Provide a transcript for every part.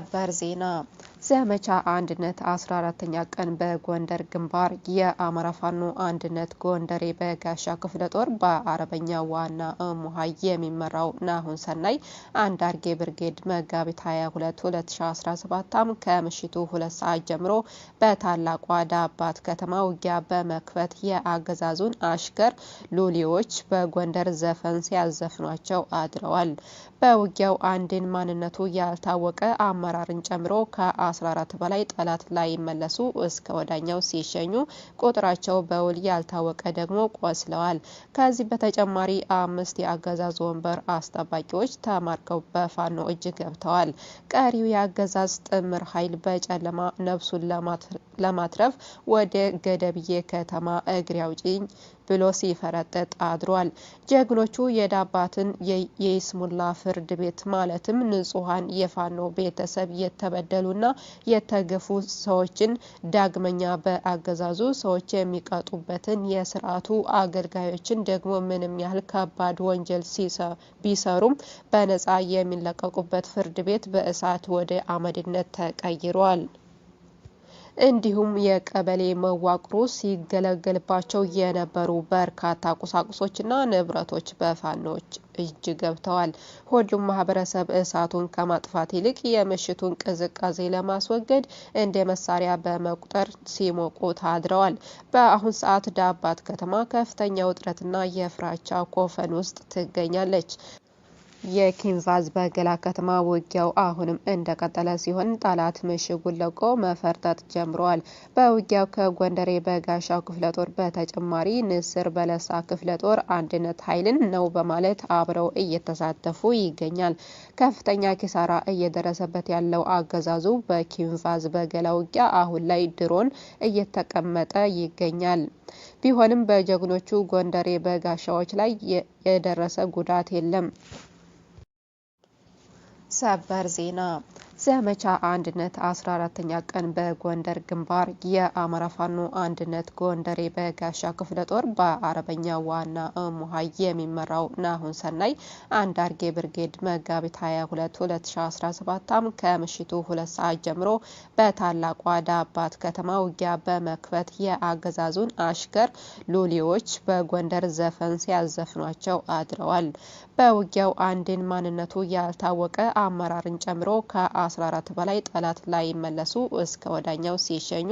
مصور زینا ዘመቻ አንድነት 14ተኛ ቀን በጎንደር ግንባር የአማራ ፋኖ አንድነት ጎንደሬ በጋሻ ክፍለ ጦር በአረበኛ ዋና ሙሃ የሚመራው ናሁን ሰናይ አንዳርጌ ብርጌድ መጋቢት 22 2017 ዓ.ም ከምሽቱ ሁለት ሰዓት ጀምሮ በታላቋ ዳባት ከተማ ውጊያ በመክፈት የአገዛዙን አሽከር ሉሊዎች በጎንደር ዘፈን ሲያዘፍኗቸው አድረዋል። በውጊያው አንድን ማንነቱ ያልታወቀ አመራርን ጨምሮ ከ 14 በላይ ጠላት ላይ መለሱ እስከ ወዳኛው ሲሸኙ ቁጥራቸው በውል ያልታወቀ ደግሞ ቆስለዋል። ከዚህ በተጨማሪ አምስት የአገዛዝ ወንበር አስጠባቂዎች ተማርከው በፋኖ እጅ ገብተዋል። ቀሪው የአገዛዝ ጥምር ኃይል በጨለማ ነፍሱን ለማትረፍ ወደ ገደብዬ ከተማ እግሬ አውጪኝ ብሎ ሲፈረጠጥ አድሯል። ጀግኖቹ የዳባትን የይስሙላ ፍርድ ቤት ማለትም ንጹሐን የፋኖ ቤተሰብ የተበደሉና የተገፉ ሰዎችን ዳግመኛ በአገዛዙ ሰዎች የሚቀጡበትን የስርዓቱ አገልጋዮችን ደግሞ ምንም ያህል ከባድ ወንጀል ቢሰሩም በነፃ የሚለቀቁበት ፍርድ ቤት በእሳት ወደ አመድነት ተቀይሯል። እንዲሁም የቀበሌ መዋቅሩ ሲገለገልባቸው የነበሩ በርካታ ቁሳቁሶችና ንብረቶች በፋኖች እጅ ገብተዋል። ሁሉም ማህበረሰብ እሳቱን ከማጥፋት ይልቅ የምሽቱን ቅዝቃዜ ለማስወገድ እንደ መሳሪያ በመቁጠር ሲሞቁ ታድረዋል። በአሁን ሰዓት ዳባት ከተማ ከፍተኛ ውጥረትና የፍራቻ ኮፈን ውስጥ ትገኛለች። የኪንቫዝ በገላ ከተማ ውጊያው አሁንም እንደቀጠለ ሲሆን ጠላት ምሽጉን ለቆ መፈርጠጥ ጀምረዋል። በውጊያው ከጎንደሬ በጋሻው ክፍለ ጦር በተጨማሪ ንስር በለሳ ክፍለ ጦር አንድነት ኃይልን ነው በማለት አብረው እየተሳተፉ ይገኛል። ከፍተኛ ኪሳራ እየደረሰበት ያለው አገዛዙ በኪንቫዝ በገላ ውጊያ አሁን ላይ ድሮን እየተቀመጠ ይገኛል። ቢሆንም በጀግኖቹ ጎንደሬ በጋሻዎች ላይ የደረሰ ጉዳት የለም። سب بر ዘመቻ አንድነት 14ኛ ቀን በጎንደር ግንባር የአማራ ፋኖ አንድነት ጎንደሬ በጋሻ ክፍለ ጦር በአረበኛ ዋና ሙሀ የሚመራው ናሁን ሰናይ አንድ አርጌ ብርጌድ መጋቢት 22 2017 ዓ.ም ከምሽቱ ሁለት ሰዓት ጀምሮ በታላቋ ዳባት ከተማ ውጊያ በመክፈት የአገዛዙን አሽከር ሉሊዎች በጎንደር ዘፈን ሲያዘፍኗቸው አድረዋል። በውጊያው አንድን ማንነቱ ያልታወቀ አመራርን ጨምሮ ከ 14 በላይ ጠላት ይመለሱ እስከ ወዳኛው ሲሸኙ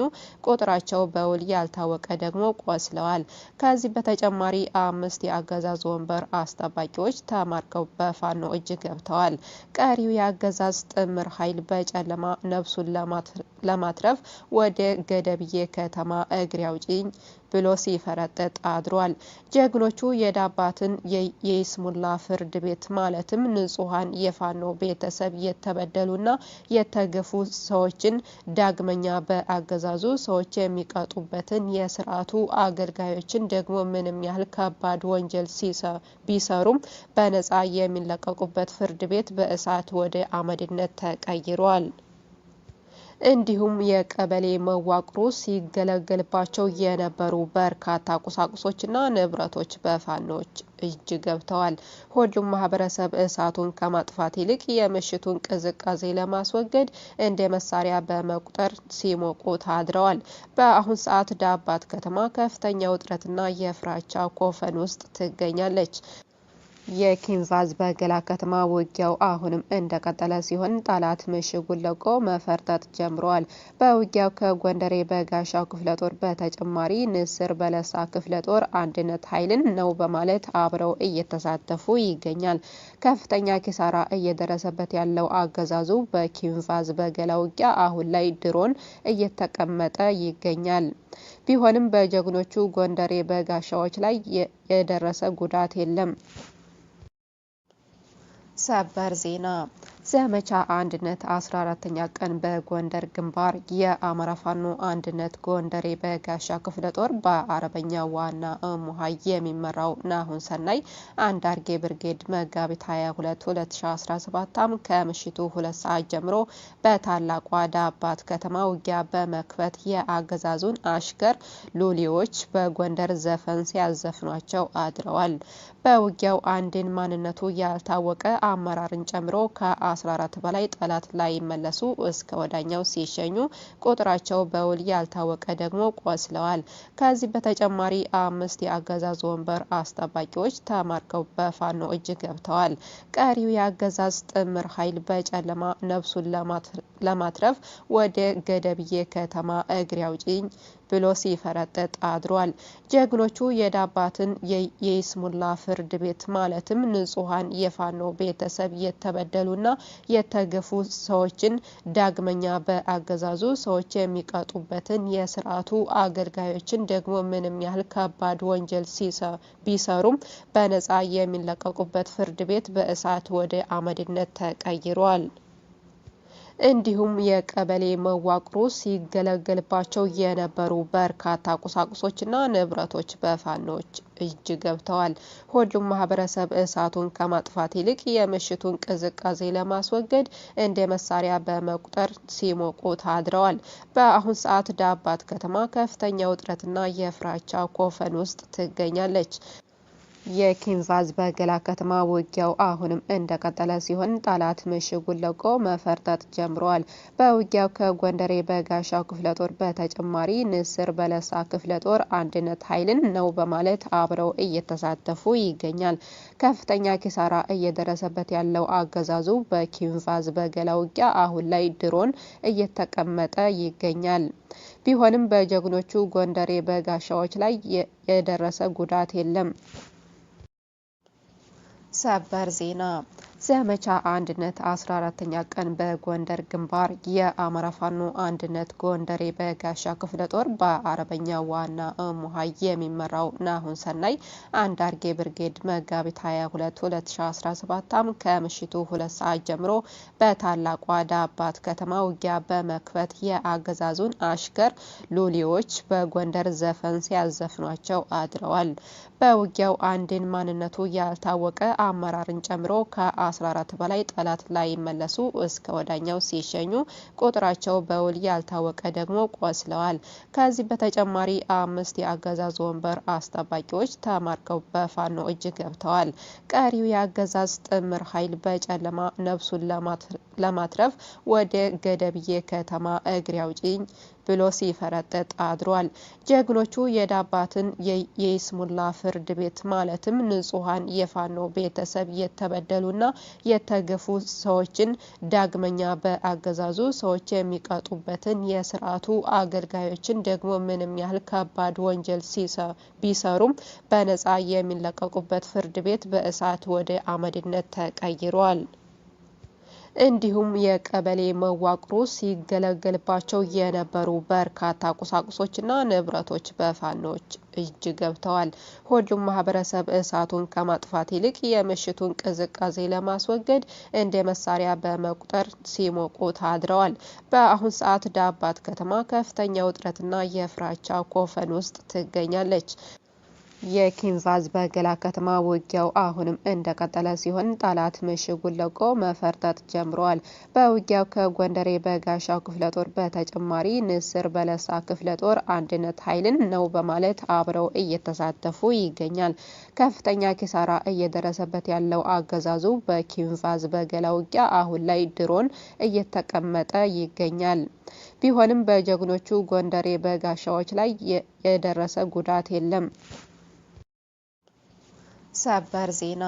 ቁጥራቸው በውል ያልታወቀ ደግሞ ቆስለዋል። ከዚህ በተጨማሪ አምስት የአገዛዝ ወንበር አስጠባቂዎች ተማርከው በፋኖ እጅ ገብተዋል። ቀሪው የአገዛዝ ጥምር ኃይል በጨለማ ነፍሱን ለማትረፍ ወደ ገደብዬ ከተማ እግሬ አውጪኝ ብሎ ሲፈረጥጥ አድሯል። ጀግኖቹ የዳባትን የይስሙላ ፍርድ ቤት ማለትም ንጹሐን የፋኖ ቤተሰብ የተበደሉና የተገፉ ሰዎችን ዳግመኛ በአገዛዙ ሰዎች የሚቀጡበትን የስርዓቱ አገልጋዮችን ደግሞ ምንም ያህል ከባድ ወንጀል ቢሰሩም በነፃ የሚለቀቁበት ፍርድ ቤት በእሳት ወደ አመድነት ተቀይሯል። እንዲሁም የቀበሌ መዋቅሩ ሲገለገልባቸው የነበሩ በርካታ ቁሳቁሶችና ንብረቶች በፋኖች እጅ ገብተዋል። ሁሉም ማህበረሰብ እሳቱን ከማጥፋት ይልቅ የምሽቱን ቅዝቃዜ ለማስወገድ እንደ መሳሪያ በመቁጠር ሲሞቁ ታድረዋል። በአሁን ሰዓት ዳባት ከተማ ከፍተኛ ውጥረትና የፍራቻ ኮፈን ውስጥ ትገኛለች። የኪንቫዝ በገላ ከተማ ውጊያው አሁንም እንደቀጠለ ሲሆን ጠላት ምሽጉን ለቆ መፈርጠጥ ጀምረዋል። በውጊያው ከጎንደሬ በጋሻው ክፍለ ጦር በተጨማሪ ንስር በለሳ ክፍለ ጦር አንድነት ኃይልን ነው በማለት አብረው እየተሳተፉ ይገኛል። ከፍተኛ ኪሳራ እየደረሰበት ያለው አገዛዙ በኪንቫዝ በገላ ውጊያ አሁን ላይ ድሮን እየተቀመጠ ይገኛል። ቢሆንም በጀግኖቹ ጎንደሬ በጋሻዎች ላይ የደረሰ ጉዳት የለም። سب بر ዘመቻ አንድነት 14ተኛ ቀን በጎንደር ግንባር የአማራ ፋኖ አንድነት ጎንደሬ በጋሻ ክፍለ ጦር በአርበኛ ዋና ሙሀ የሚመራው ናሁን ሰናይ አንድ አርጌ ብርጌድ መጋቢት 22 2017 ዓ.ም ከምሽቱ ሁለት ሰዓት ጀምሮ በታላቋ ዳባት ከተማ ውጊያ በመክፈት የአገዛዙን አሽከር ሉሊዎች በጎንደር ዘፈን ሲያዘፍኗቸው አድረዋል። በውጊያው አንድን ማንነቱ ያልታወቀ አመራርን ጨምሮ ከ 14 በላይ ጠላት ይመለሱ እስከ ወዳኛው ሲሸኙ ቁጥራቸው በውል ያልታወቀ ደግሞ ቆስለዋል። ከዚህ በተጨማሪ አምስት የአገዛዝ ወንበር አስጠባቂዎች ተማርከው በፋኖ እጅ ገብተዋል። ቀሪው የአገዛዝ ጥምር ኃይል በጨለማ ነፍሱን ለማትረፍ ወደ ገደብዬ ከተማ እግሬ አውጪኝ ብሎ ሲፈረጠጥ አድሯል። ጀግኖቹ የዳባትን የይስሙላ ፍርድ ቤት ማለትም ንጹሐን የፋኖ ቤተሰብ የተበደሉና የተገፉ ሰዎችን ዳግመኛ በአገዛዙ ሰዎች የሚቀጡበትን የስርዓቱ አገልጋዮችን ደግሞ ምንም ያህል ከባድ ወንጀል ቢሰሩም በነፃ የሚለቀቁበት ፍርድ ቤት በእሳት ወደ አመድነት ተቀይሯል። እንዲሁም የቀበሌ መዋቅሩ ሲገለገልባቸው የነበሩ በርካታ ቁሳቁሶችና ንብረቶች በፋኖች እጅ ገብተዋል። ሁሉም ማህበረሰብ እሳቱን ከማጥፋት ይልቅ የምሽቱን ቅዝቃዜ ለማስወገድ እንደ መሳሪያ በመቁጠር ሲሞቁ ታድረዋል። በአሁን ሰዓት ዳባት ከተማ ከፍተኛ ውጥረትና የፍራቻ ኮፈን ውስጥ ትገኛለች። የኪንቫዝ በገላ ከተማ ውጊያው አሁንም እንደቀጠለ ሲሆን ጠላት ምሽጉን ለቆ መፈርጠጥ ጀምረዋል። በውጊያው ከጎንደሬ በጋሻው ክፍለ ጦር በተጨማሪ ንስር በለሳ ክፍለ ጦር አንድነት ኃይልን ነው በማለት አብረው እየተሳተፉ ይገኛል። ከፍተኛ ኪሳራ እየደረሰበት ያለው አገዛዙ በኪንቫዝ በገላ ውጊያ አሁን ላይ ድሮን እየተቀመጠ ይገኛል። ቢሆንም በጀግኖቹ ጎንደሬ በጋሻዎች ላይ የደረሰ ጉዳት የለም። صببر زینب ዘመቻ አንድነት 14ተኛ ቀን በጎንደር ግንባር የአማራ ፋኖ አንድነት ጎንደሬ በጋሻ ክፍለ ጦር በአረበኛ ዋና ሙሃ የሚመራው ናሁን ሰናይ አንድ አርጌ ብርጌድ መጋቢት 22 2017 ዓ.ም ከምሽቱ ሁለት ሰዓት ጀምሮ በታላቋ ዳባት ከተማ ውጊያ በመክፈት የአገዛዙን አሽከር ሉሊዎች በጎንደር ዘፈን ሲያዘፍኗቸው አድረዋል። በውጊያው አንድን ማንነቱ ያልታወቀ አመራርን ጨምሮ ከ 14 በላይ ጠላት ላይ መለሱ እስከ ወዳኛው ሲሸኙ ቁጥራቸው በውል ያልታወቀ ደግሞ ቆስለዋል። ከዚህ በተጨማሪ አምስት የአገዛዝ ወንበር አስጠባቂዎች ተማርከው በፋኖ እጅ ገብተዋል። ቀሪው የአገዛዝ ጥምር ኃይል በጨለማ ነፍሱን ለማትረፍ ወደ ገደብዬ ከተማ እግሬ አውጪኝ ብሎ ሲፈረጠጥ አድሯል። ጀግኖቹ የዳባትን የይስሙላ ፍርድ ቤት ማለትም ንጹሐን የፋኖ ቤተሰብ የተበደሉና የተገፉ ሰዎችን ዳግመኛ በአገዛዙ ሰዎች የሚቀጡበትን የስርዓቱ አገልጋዮችን ደግሞ ምንም ያህል ከባድ ወንጀል ቢሰሩም በነፃ የሚለቀቁበት ፍርድ ቤት በእሳት ወደ አመድነት ተቀይሯል። እንዲሁም የቀበሌ መዋቅሩ ሲገለገልባቸው የነበሩ በርካታ ቁሳቁሶችና ንብረቶች በፋኖች እጅ ገብተዋል። ሁሉም ማህበረሰብ እሳቱን ከማጥፋት ይልቅ የምሽቱን ቅዝቃዜ ለማስወገድ እንደ መሳሪያ በመቁጠር ሲሞቁ ታድረዋል። በአሁን ሰዓት ዳባት ከተማ ከፍተኛ ውጥረትና የፍራቻ ኮፈን ውስጥ ትገኛለች። የኪንቫዝ በገላ ከተማ ውጊያው አሁንም እንደቀጠለ ሲሆን ጠላት ምሽጉን ለቆ መፈርጠጥ ጀምረዋል። በውጊያው ከጎንደሬ በጋሻው ክፍለ ጦር በተጨማሪ ንስር በለሳ ክፍለ ጦር አንድነት ኃይልን ነው በማለት አብረው እየተሳተፉ ይገኛል። ከፍተኛ ኪሳራ እየደረሰበት ያለው አገዛዙ በኪንቫዝ በገላ ውጊያ አሁን ላይ ድሮን እየተቀመጠ ይገኛል። ቢሆንም በጀግኖቹ ጎንደሬ በጋሻዎች ላይ የደረሰ ጉዳት የለም። ሰበር ዜና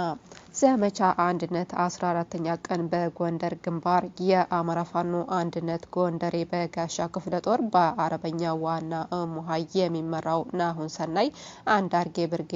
ዘመቻ አንድነት 14ተኛ ቀን በጎንደር ግንባር የአማራ ፋኖ አንድነት ጎንደሬ በጋሻ ክፍለ ጦር በአረበኛ ዋና እሙሀይ የሚመራው ናሁን ሰናይ አርጌ ብርጌድ